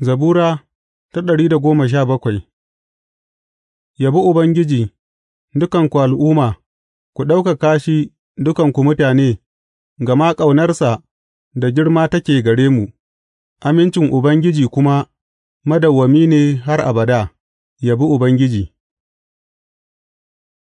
Zabura ta ɗari da goma sha bakwai Yabi Ubangiji, dukanku al'umma, ku ɗaukaka shi dukanku mutane, gama ƙaunarsa da girma take gare mu, amincin Ubangiji kuma madawwami ne har abada, yabi Ubangiji.